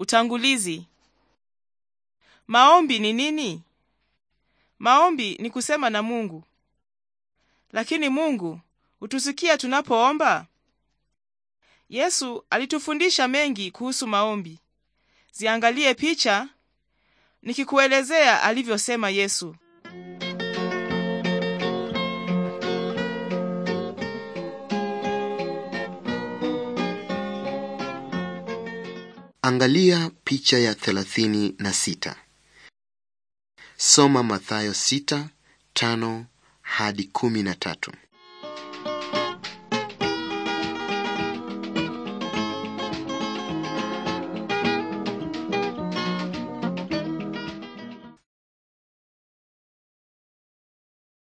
Utangulizi. Maombi ni nini? Maombi ni kusema na Mungu. Lakini Mungu hutusikia tunapoomba? Yesu alitufundisha mengi kuhusu maombi. Ziangalie picha nikikuelezea alivyosema Yesu. Angalia picha ya 36. Soma Mathayo 6:5 hadi tatu.